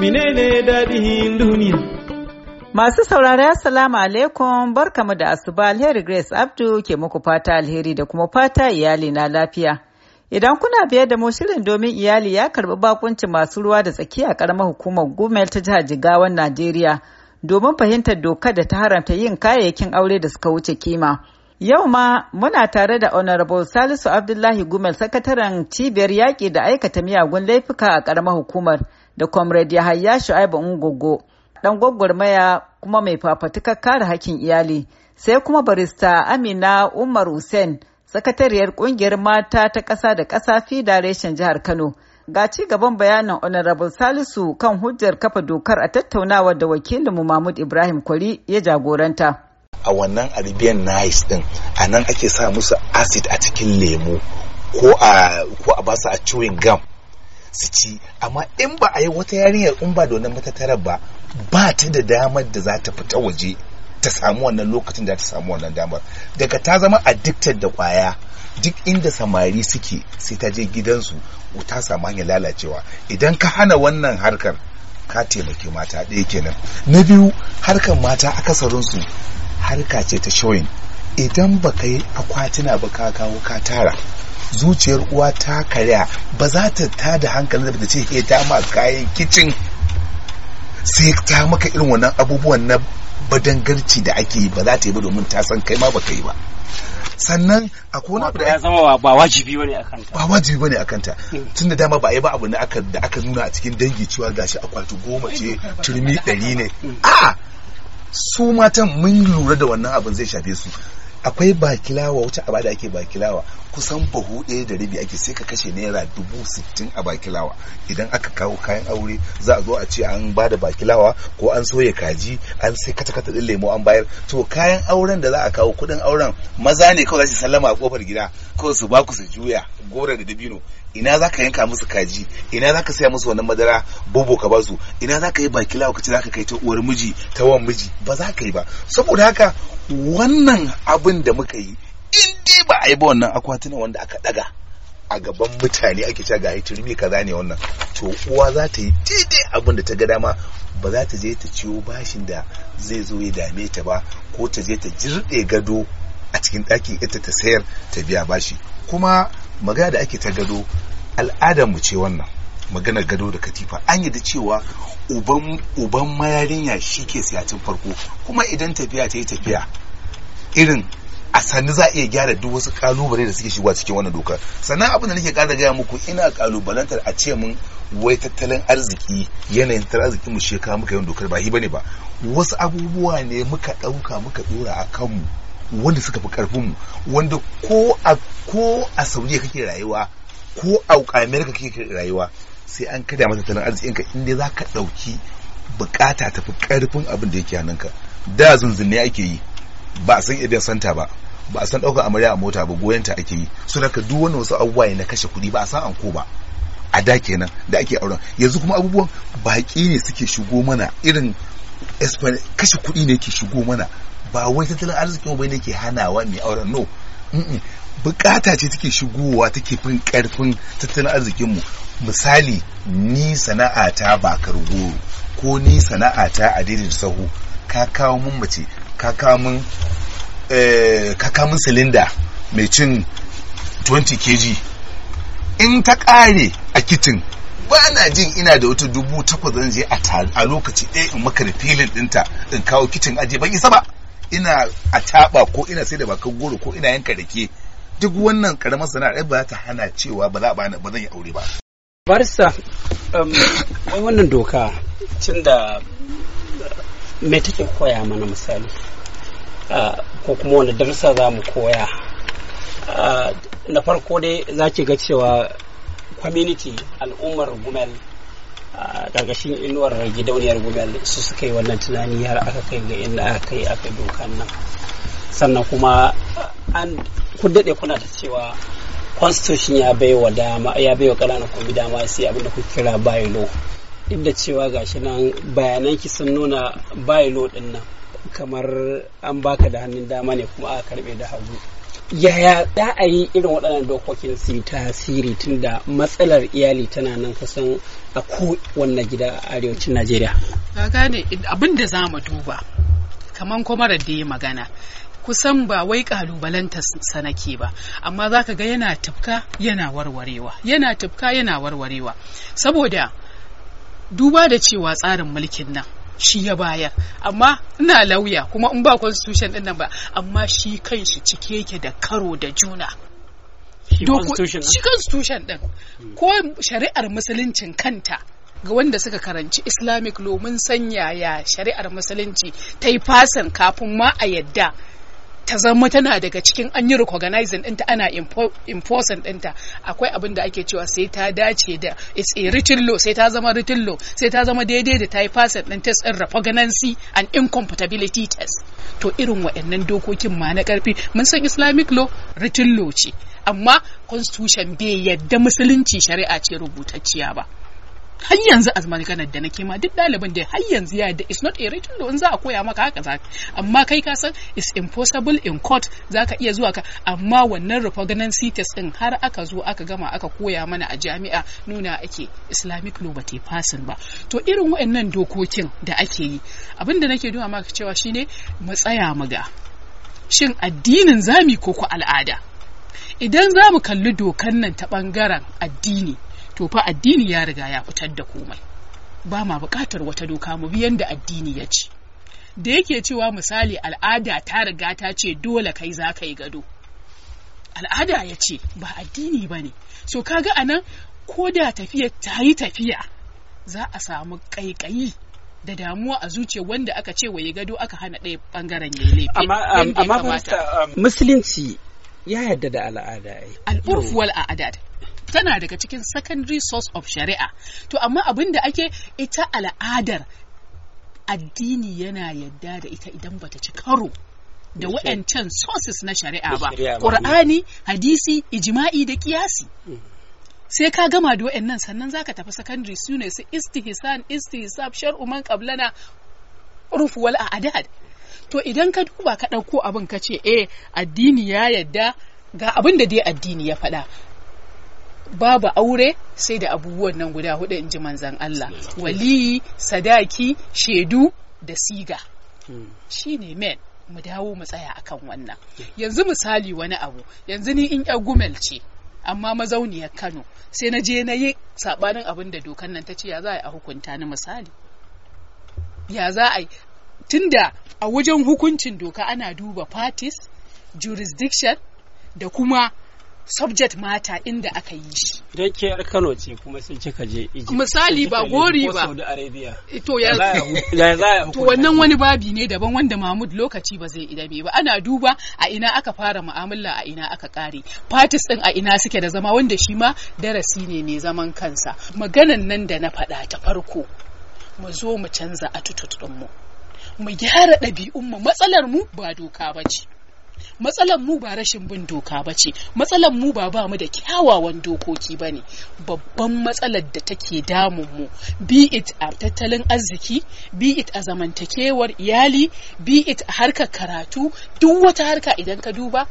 menene daɗin duniya. Masu saurari Assalamu alaikum barkamu da asuba alheri Grace Abdu ke muku fata alheri da kuma fata iyali na lafiya. Idan kuna biye da mu shirin domin iyali ya karbi bakuncin masu ruwa da tsaki a karamar hukumar Gumel ta jihar Jigawan Najeriya domin fahimtar dokar da ta haramta yin kayayyakin aure da suka wuce kima. Yau ma muna tare da Honorable Salisu Abdullahi Gumel sakataren cibiyar yaƙi da aikata miyagun laifuka a ƙaramar hukumar da comrade Yahaya Shu'aibu Ungogo dan gwagwarmaya kuma mai fafatukar kare hakkin iyali sai kuma barista Amina Umar Hussein sakatariyar kungiyar mata ta ƙasa da ƙasa Federation jihar Kano ga ci gaban bayanin honorable Salisu kan hujjar kafa dokar a tattaunawa da wakilinmu Mahmud Ibrahim Kwari ya jagoranta. a wannan arabian nice din anan ake sa musu acid a cikin lemu ko a basu a chewing gum su ci amma in ba a yi wata yarinyar in ba da ba ba ta da damar da za ta fita waje ta samu wannan lokacin da ta samu wannan damar daga ta zama addicted da kwaya duk inda samari suke sai ta je gidansu ta samu hanyar lalacewa idan ka hana wannan harkar ka taimake mata ɗaya kenan na biyu harkar mata akasarinsu harka ce ta shawin idan baka yi akwatina ba ka kawo ka tara zuciyar uwa ta karya ba za ta da hankalin da ta ce he ta ma kayan kicin sai ta maka irin wannan abubuwan na badangarci da ake yi ba za ta yi ba domin ta san kai ma ba yi ba sannan a kona ba ya zama ba wajibi bane akan ta ba wajibi bane akan ta tun da dama ba yi ba abu da aka da aka nuna a cikin dangi cewa gashi akwati goma ce turmi ɗari ne hmm. a su matan mun lura da wannan abin zai shafe su akwai bakilawa wuce abada da ake bakilawa kusan bahu ɗaya da rabi ake sai ka kashe naira dubu sittin a bakilawa idan aka kawo kayan aure za a zo a ce an ba da bakilawa ko an soya kaji an sai kata-kata ɗin lemo an bayar to kayan auren da za a kawo kuɗin auren maza ne kawai za su sallama a kofar gida kawai su baku su juya gora da dabino ina za ka yanka musu kaji ina za ka saya musu wannan madara bobo ka basu ina za ka yi bakilawa ka ce za ka kai ta uwar miji ta wan miji ba za ka yi ba saboda haka wannan abin da muka yi indi ba a yi ba wannan akwatuna wanda aka daga a gaban mutane ake cewa ga turmi kaza ne wannan to uwa za ta yi daidai abin da ta ga dama ba za ta je ta ciwo bashin da zai zo ya dame ta ba ko ta je ta jirɗe gado a cikin ɗakin ita ta sayar ta biya bashi kuma magana da ake ta gado al'adar mu ce wannan magana gado da katifa an yi da cewa uban mayarinya shi ke siyacin farko kuma idan tafiya ta yi tafiya irin a sannu za a iya gyara duk wasu kalubale da suke shigowa cikin wannan dokar sannan abin da nake kara gaya muku ina kalubalantar a ce mun wai tattalin arziki yanayin tattalin arziki mu shekara muka yin dokar ba hi bane ba wasu abubuwa ne muka ɗauka muka ɗora a kanmu wanda suka fi karfinmu wanda ko a ko a saudiya kake rayuwa ko a amerika kake rayuwa sai an karya masa tattalin arzikinka inda za ka ɗauki bukata tafi karfin abin da yake ka. da zunzunne ake yi ba a san idan santa ba ba a san ɗaukar amarya a mota ba goyonta ake yi so daga duk wani wasu abubuwa na kashe kuɗi ba a san anko ba a da kenan da ake auren yanzu kuma abubuwan baƙi ne suke shigo mana irin kashe kuɗi ne ke shigo mana ba wai tattalin arzikin ba ne ke hanawa mai auren no bukata ce take shigowa take fin karfin tattalin arzikinmu misali ni sana'a ta Bakar Goro, ko ni sana'a ta daidai sahu ka kawo mun mace ka kawo mun eh, silinda mai cin 20 kg in ta kare a kitin ba na jin ina da wata dubu takwas zan je a lokaci ɗaya in maka da filin ɗinta in kawo kicin aje ban isa ba ina a taɓa ko ina sai da bakan goro ko ina yanka rake duk wannan karamar sana'ar ba ta hana cewa ba za a ba zan yi aure ba barista wai um, wannan doka cin da uh, me take koya mana misali uh, ko kuma wani darsa za mu koya uh, na farko dai za ki ga cewa community al'ummar gumel a ƙarƙashin inuwar gidauniyar google su suka yi wannan tunani har aka kai ga inda aka kai aka dokan nan sannan kuma an kun daɗe kuna ta cewa constitution ya bai wa dama ya bai wa ƙananan kuma dama sai abin da kuka kira bylaw duk da cewa gashi nan bayananki sun nuna bylaw ɗin nan kamar an baka da hannun dama ne kuma aka karɓe da hagu yaya za a yi irin waɗannan dokokin su tasiri tunda matsalar iyali tana nan kusan a wannan gida a arewacin najeriya gane abin da za mu duba kamar kuma da ya magana kusan ba wai kalubalanta sanake ba amma za ka ga yana tafka yana warwarewa yana tafka yana warwarewa saboda duba da cewa tsarin mulkin nan shi ya bayar amma ina lauya kuma in ba constitution din nan ba amma shi kanshi cike yake da karo da juna shi constitution din ko shari'ar musuluncin kanta ga wanda suka karanci islamic law mun sanya ya shari'ar musulunci ta yi fasan kafin ma a yadda ta zama tana daga cikin an yi recognizing ɗinta ana enforcing ɗinta akwai abin da ake cewa sai ta dace da it's a written law sai ta zama written law sai ta zama daidai da ta yi fasa ɗin test ɗin repugnancy and incompatibility test to irin waɗannan dokokin ma na ƙarfi mun san islamic law written law ce amma constitution bai yadda musulunci shari'a ce rubutacciya ba har yanzu a da nake ma duk ɗaliban da har yanzu ya da it's not a written law in za a koya maka haka za amma kai ka san is impossible in court za ka iya zuwa ka amma wannan repugnancy test din har aka zo aka gama aka koya mana a jami'a nuna ake islamic law ba ta fasin ba to irin waɗannan dokokin da ake yi abin da nake nuna maka cewa shine mu tsaya mu ga shin addinin zami ko ku al'ada idan za mu kalli dokan nan ta ɓangaren addini to fa addini ya riga ya fitar da komai ba ma buƙatar wata doka mu bi yanda addini ya ce da yake cewa misali al'ada ta riga ta ce dole kai za ka yi gado al'ada ya ce ba addini ba ne so kaga a nan ko da tafiya ta yi tafiya za a samu ƙaiƙayi da damuwa a zuciya wanda aka ce wa gado aka hana ɗaya ɓangaren ya laifi um, um, musulunci ya yarda da al'ada eh. al'urfu wal al'adat tana daga cikin secondary source of shari'a to amma abin da ake ita al'adar addini yana yadda da ita idan bata ci karo da wa'ancan sources na shari'a ba ƙur'ani hadisi ijima'i da kiyasi hmm. sai ka gama da wa'annan sannan zaka tafi secondary su ne su istihsan istihisab shar'u man qablana urfu wal a'dad to idan ka duba ka ɗauko abin ka ce eh addini ya yadda ga abin da dai addini ya faɗa babu aure sai da abubuwan nan guda hudu in ji manzan Allah waliyi sadaki shaidu da siga hmm. Shi ne men mu dawo mu tsaya akan wannan hmm. yanzu misali wani abu yanzu ni in yar gumel ce amma mazauniyar Kano sai na je na yi sabanin abin da dokan nan ta ce ya za a hukunta ni misali ya za a yi tunda a wajen hukuncin doka ana duba parties jurisdiction da kuma subject mata inda aka yi shi. Idan ke yar Kano ce kuma sai cika je Egypt. Misali ba gori ba. Saudi Arabia. To ya za To wannan wani babi ne daban wanda Mahmud lokaci ba zai ida ba. Ana duba a ina aka fara mu'amala a ina aka kare. Parties din a ina suke da zama wanda shi ma darasi ne mai zaman kansa. Maganan nan da na faɗa ta farko. Mu zo mu canza attitude ɗinmu. Mu gyara mu matsalar mu ba doka ba ce. Matsalan mu ba rashin bin doka ba ce matsalan mu ba ba mu da kyawawan dokoki ba ne babban matsalar da take damun mu be it a tattalin arziki be it a zamantakewar iyali be it a harkar karatu duk wata harka idan ka duba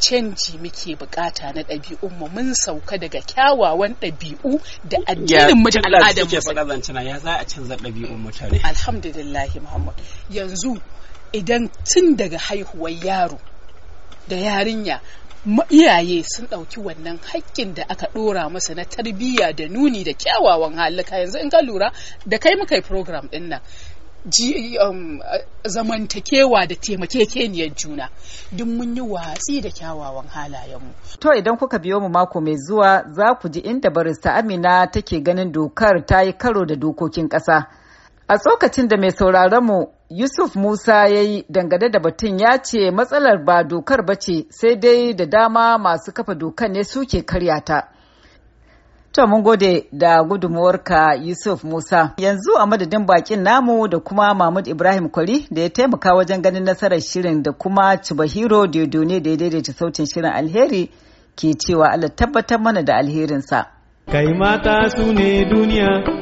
canji muke bukata na ɗabi'un mu mun sauka daga kyawawan ɗabi'u da addinin mu da al'adar mu ya za a canza ɗabi'un mutane alhamdulillah muhammad yanzu idan tun daga haihuwar yaro da yarinya iyaye sun ɗauki wannan haƙƙin da aka ɗora masa na tarbiyya da nuni da kyawawan halaka yanzu in ka lura da kai muka yi program ɗin nan um, zamantakewa da taimakekeniyar juna duk mun yi watsi da kyawawan halayenmu. To idan kuka biyo mu mako mai zuwa za ku ji inda barista Amina take ganin dokar ta yi karo da dokokin ƙasa. A tsokacin da mai sauraron mu Yusuf Musa ya yi dangane da batun ya ce matsalar ba dokar ba ce sai dai da dama masu kafa dokar ne suke karya ta. To mun gode da gudunmuwarka Yusuf Musa. Yanzu a madadin bakin namu da kuma Mahmud Ibrahim Kwari da ya taimaka wajen ganin nasarar shirin da kuma Cibahiro Diodone da ya daidaita sautin shirin alheri ke cewa Allah tabbatar mana da alherinsa. Kai mata su ne duniya